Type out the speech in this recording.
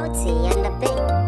OT and the beat.